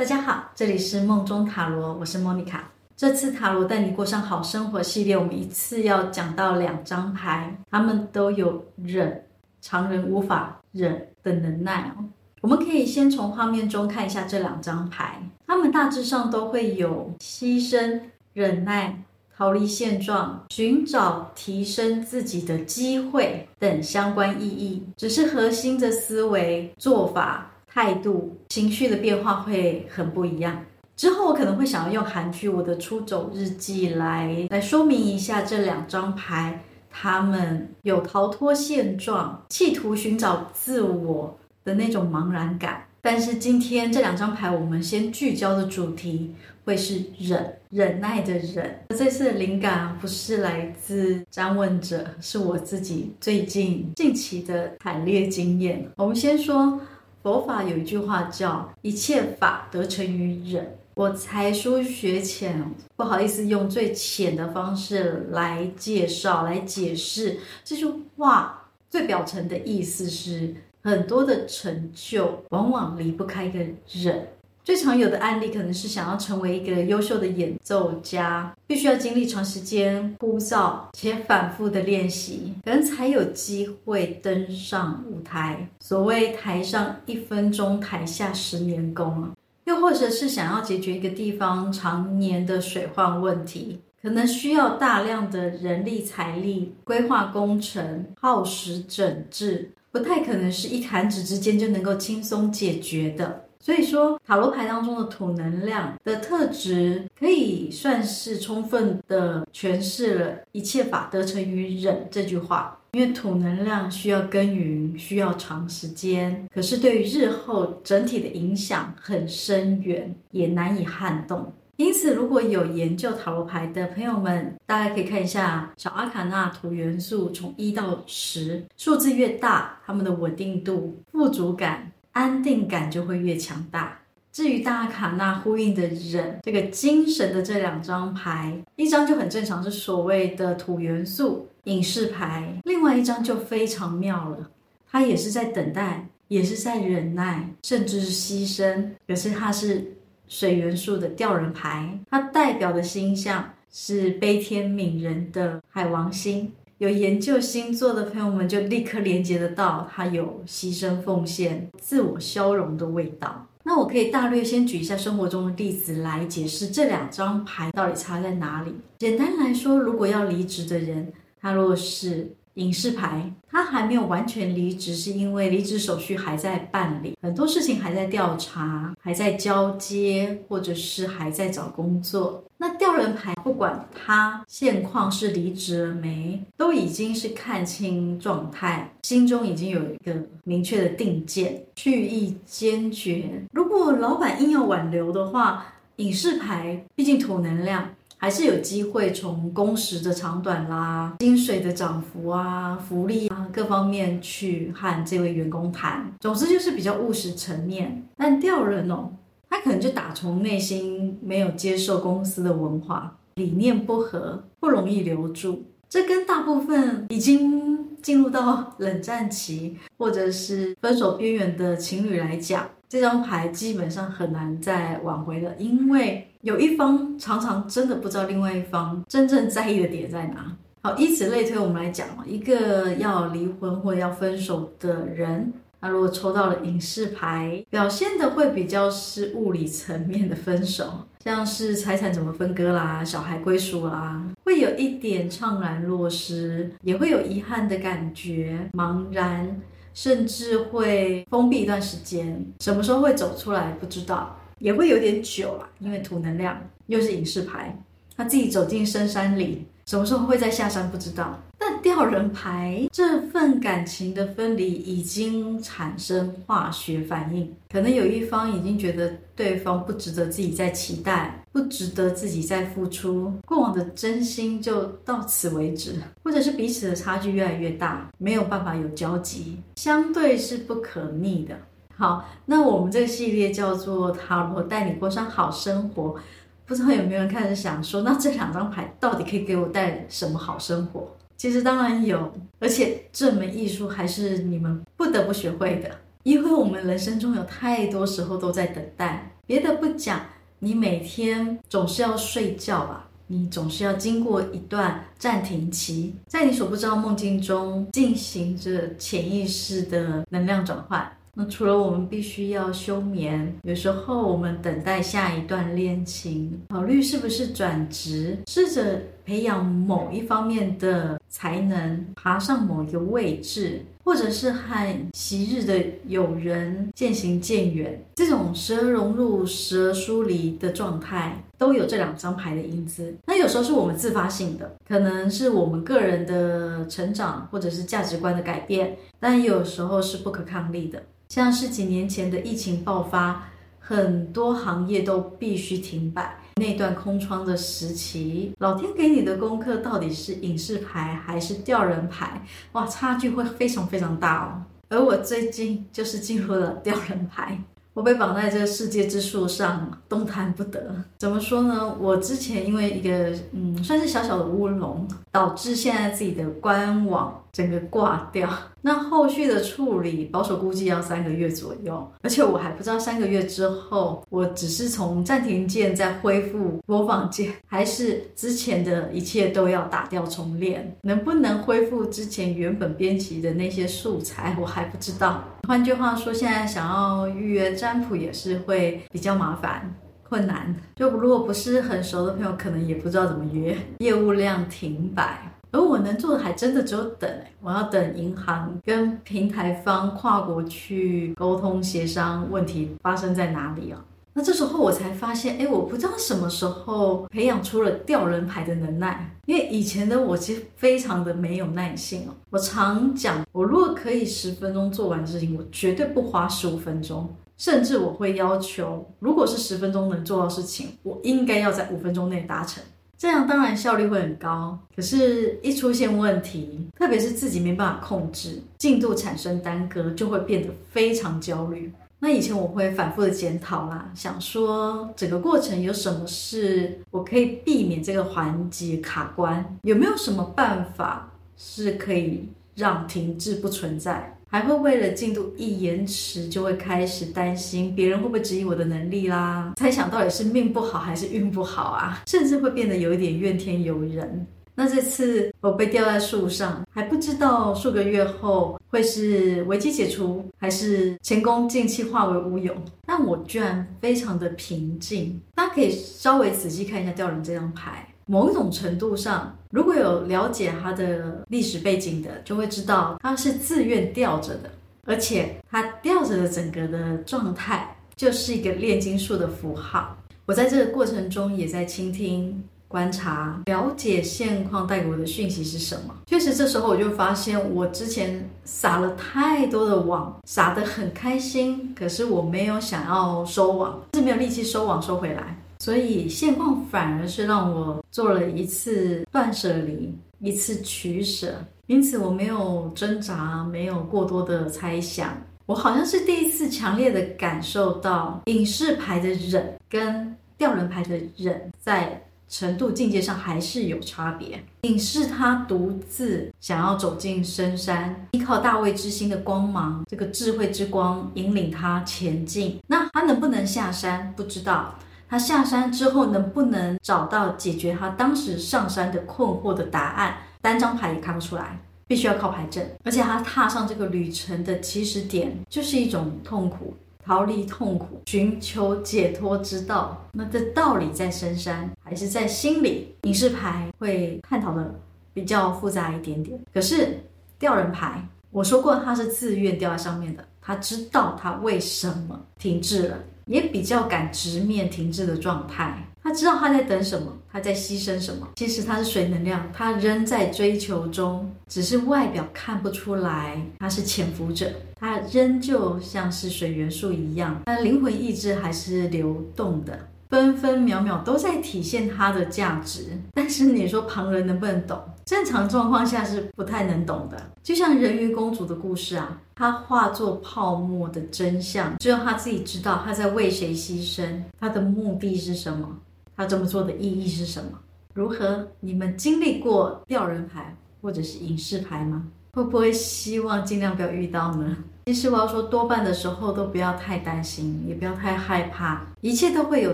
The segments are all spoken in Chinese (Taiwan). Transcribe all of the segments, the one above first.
大家好，這裡是夢中塔羅，我是莫妮卡。這次塔羅帶你過上好生活系列，我們一次要講到兩張牌，他們都有忍，常人無法忍的能耐哦。我們可以先從畫面中看一下這兩張牌，他們大致上都會有犧牲、忍耐、逃離現狀、尋找提升自己的機會等相關意義，只是核心的思維、做法。態度、情緒的變化會很不一樣。之後我可能會想要用韓劇《我的出走日記來》來來說明一下這兩張牌，他們有逃脫現狀、企圖尋找自我的那種茫然感。但是今天這兩張牌，我們先聚焦的主題會是忍忍耐的忍。這次的靈感不是來自張問者，是我自己最近近期的慘烈經驗。我們先說。佛法有一句話叫“一切法得成於忍”，我才疏學淺，不好意思用最淺的方式來介紹、來解釋這句話，最表層的意思是，很多的成就往往離不開一個忍。最常有的案例可能是想要成為一個優秀的演奏家，必須要經歷長時間枯燥且反覆的練習，可能才有機會登上舞台。所謂“台上一分鐘，台下十年功”啊。又或者是想要解決一個地方常年的水患問題，可能需要大量的人力財力規劃工程，耗時整治，不太可能是一彈指之間就能夠輕鬆解決的。所以說，塔羅牌當中的土能量的特質，可以算是充分地詮釋了“一切法得成於忍”這句話。因為土能量需要耕耘，需要長時間，可是對於日後整體的影響很深遠，也難以撼動。因此，如果有研究塔羅牌的朋友們，大家可以看一下小阿卡納土元素從一到十，數字越大，它們的穩定度、富足感。安定感就會越強大。至於大卡納呼應的忍這個精神的這兩張牌，一張就很正常，是所謂的土元素隱士牌；另外一張就非常妙了，它也是在等待，也是在忍耐，甚至是犧牲。可是它是水元素的吊人牌，它代表的星象是悲天憫人的海王星。有研究星座的朋友們就立刻聯結得到，它有犧牲奉獻、自我消融的味道。那我可以大略先舉一下生活中的例子來解釋這兩張牌到底差在哪裡。簡單來說，如果要離職的人，他若是，隱士牌，他還沒有完全離職，是因為離職手續還在辦理，很多事情還在調查，還在交接，或者是還在找工作。那吊人牌，不管他現況是離職了沒，都已經是看清狀態，心中已經有一個明確的定見，去意堅決。如果老闆硬要挽留的話，隱士牌畢竟土能量。還是有機會從工時的長短啦、薪水的漲幅啊、福利啊，各方面去和這位員工談。總之就是比較務實層面。但吊人哦，他可能就打從內心沒有接受公司的文化，理念不合，不容易留住。這跟大部分已經進入到冷戰期或者是分手邊緣的情侶來講，這張牌基本上很難再挽回了，因為。有一方常常真的不知道另外一方真正在意的點在哪。好，以此類推，我們來講一個要離婚或者要分手的人，他、啊、如果抽到了隱士牌，表現的會比較是物理層面的分手，像是財產怎麼分割啦、小孩歸屬啦，會有一點悵然若失，也會有遺憾的感覺，茫然，甚至會封閉一段時間。什麼時候會走出來，不知道。也會有點久了、啊，因為土能量又是隱士牌，他自己走進深山裡，什麼時候會再下山不知道。但吊人牌這份感情的分離已經產生化學反應，可能有一方已經覺得對方不值得自己再期待，不值得自己再付出，過往的真心就到此為止，或者是彼此的差距越來越大，沒有辦法有交集，相對是不可逆的。好，那我們這個系列叫做“塔羅帶你過上好生活”，不知道有沒有人開始想說，那這兩張牌到底可以給我帶什麼好生活？其實當然有，而且這門藝術還是你們不得不學會的，因為我們人生中有太多時候都在等待。別的不講，你每天總是要睡覺吧，你總是要經過一段暫停期，在你所不知道夢境中進行着潛意識的能量轉換。除了我們必須要休眠，有時候我們等待下一段戀情，考慮是不是轉職，試着培養某一方面的才能，爬上某一個位置，或者是和昔日的友人漸行漸遠。這種時而融入，時而疏離的狀態，都有這兩張牌的影子。那有時候是我們自發性的，可能是我們個人的成長，或者是價值觀的改變，但有時候是不可抗力的。像是幾年前的疫情爆發，很多行業都必須停擺。那段空窗的時期，老天給你的功課到底是隱士牌還是吊人牌？哇，差距會非常非常大哦。而我最近就是進入了吊人牌，我被綁在這個世界之樹上，動彈不得。怎麼說呢？我之前因為一個嗯，算是小小的烏龍。導致現在自己的官網整個掛掉，那後續的處理保守估計要三個月左右，而且我還不知道三個月之後，我只是從暫停鍵再恢復播放鍵，還是之前的一切都要打掉重練，能不能恢復之前原本編輯的那些素材，我還不知道。換句話說，現在想要預約占卜也是會比較麻煩。困難，就如果不是很熟的朋友，可能也不知道怎麼約。業務量停擺，而我能做的還真的只有等哎，我要等銀行跟平台方跨國去溝通協商，問題發生在哪裡啊？那這時候我才發現，哎，我不知道什麼時候培養出了吊人牌的能耐，因為以前的我其實非常的沒有耐性哦。我常講，我如果可以十分鐘做完事情，我絕對不花十五分鐘。甚至我會要求，如果是十分鐘能做到事情，我應該要在五分鐘內達成，這樣當然效率會很高。可是，一出現問題，特別是自己沒辦法控制，進度產生耽擱，就會變得非常焦慮。那以前我會反覆的檢討啦，想說整個過程有什麼事我可以避免這個環節卡關，有沒有什麼辦法是可以讓停滯不存在？還會為了進度一延遲，就會開始擔心別人會不會質疑我的能力啦？猜想到底是命不好還是運不好啊？甚至會變得有一點怨天尤人。那這次我被吊在樹上，還不知道數個月後會是危機解除，還是前功盡棄化為烏有。但我居然非常的平靜。大家可以稍微仔細看一下吊人這張牌。某一種程度上，如果有了解它的歷史背景的，就會知道它是自願吊着的，而且它吊着的整個的狀態就是一個煉金術的符號。我在這個過程中也在傾聽、觀察、了解現況帶給我的訊息是什麼。確實，這時候我就發現，我之前撒了太多的網，撒得很開心，可是我沒有想要收網，是沒有力氣收網收回來。所以，現況反而是讓我做了一次斷捨離，一次取捨，因此我沒有掙扎，沒有過多的猜想。我好像是第一次強烈的感受到隱士牌的忍跟吊人牌的忍在程度境界上還是有差別。隱士他獨自想要走進深山，依靠大衛之星的光芒，這個智慧之光引領他前進。那他能不能下山，不知道。他下山之後能不能找到解決他當時上山的困惑的答案？單張牌也看不出來，必須要靠牌陣。而且他踏上這個旅程的起始點就是一種痛苦，逃離痛苦，尋求解脫之道。那這道理在深山還是在心裡？隱士牌會探討的比較複雜一點點。可是吊人牌，我說過他是自願吊在上面的，他知道他為什麼停滯了。也比較敢直面停滯的狀態，他知道他在等什麼，他在犧牲什麼。其實他是水能量，他仍在追求中，只是外表看不出來，他是潛伏者，他仍舊像是水元素一樣，他的靈魂意志還是流動的，分分秒秒都在體現他的價值。但是你說旁人能不能懂？正常狀況下是不太能懂的，就像人魚公主的故事啊，她化作泡沫的真相只有她自己知道，她在為誰犧牲，她的目的是什麼，她這麼做的意義是什麼？如何？你們經歷過吊人牌或者是隱士牌嗎？會不會希望盡量不要遇到呢？其實我要說，多半的時候都不要太擔心，也不要太害怕，一切都會有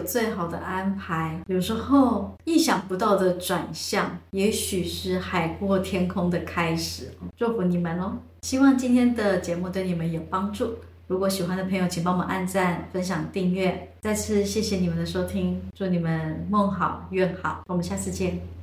最好的安排。有時候意想不到的轉向，也許是海闊天空的開始。祝福你們哦！希望今天的節目對你們有幫助。如果喜歡的朋友，請幫我們按讚、分享、訂閱。再次謝謝你們的收聽，祝你們夢好願好。我們下次見。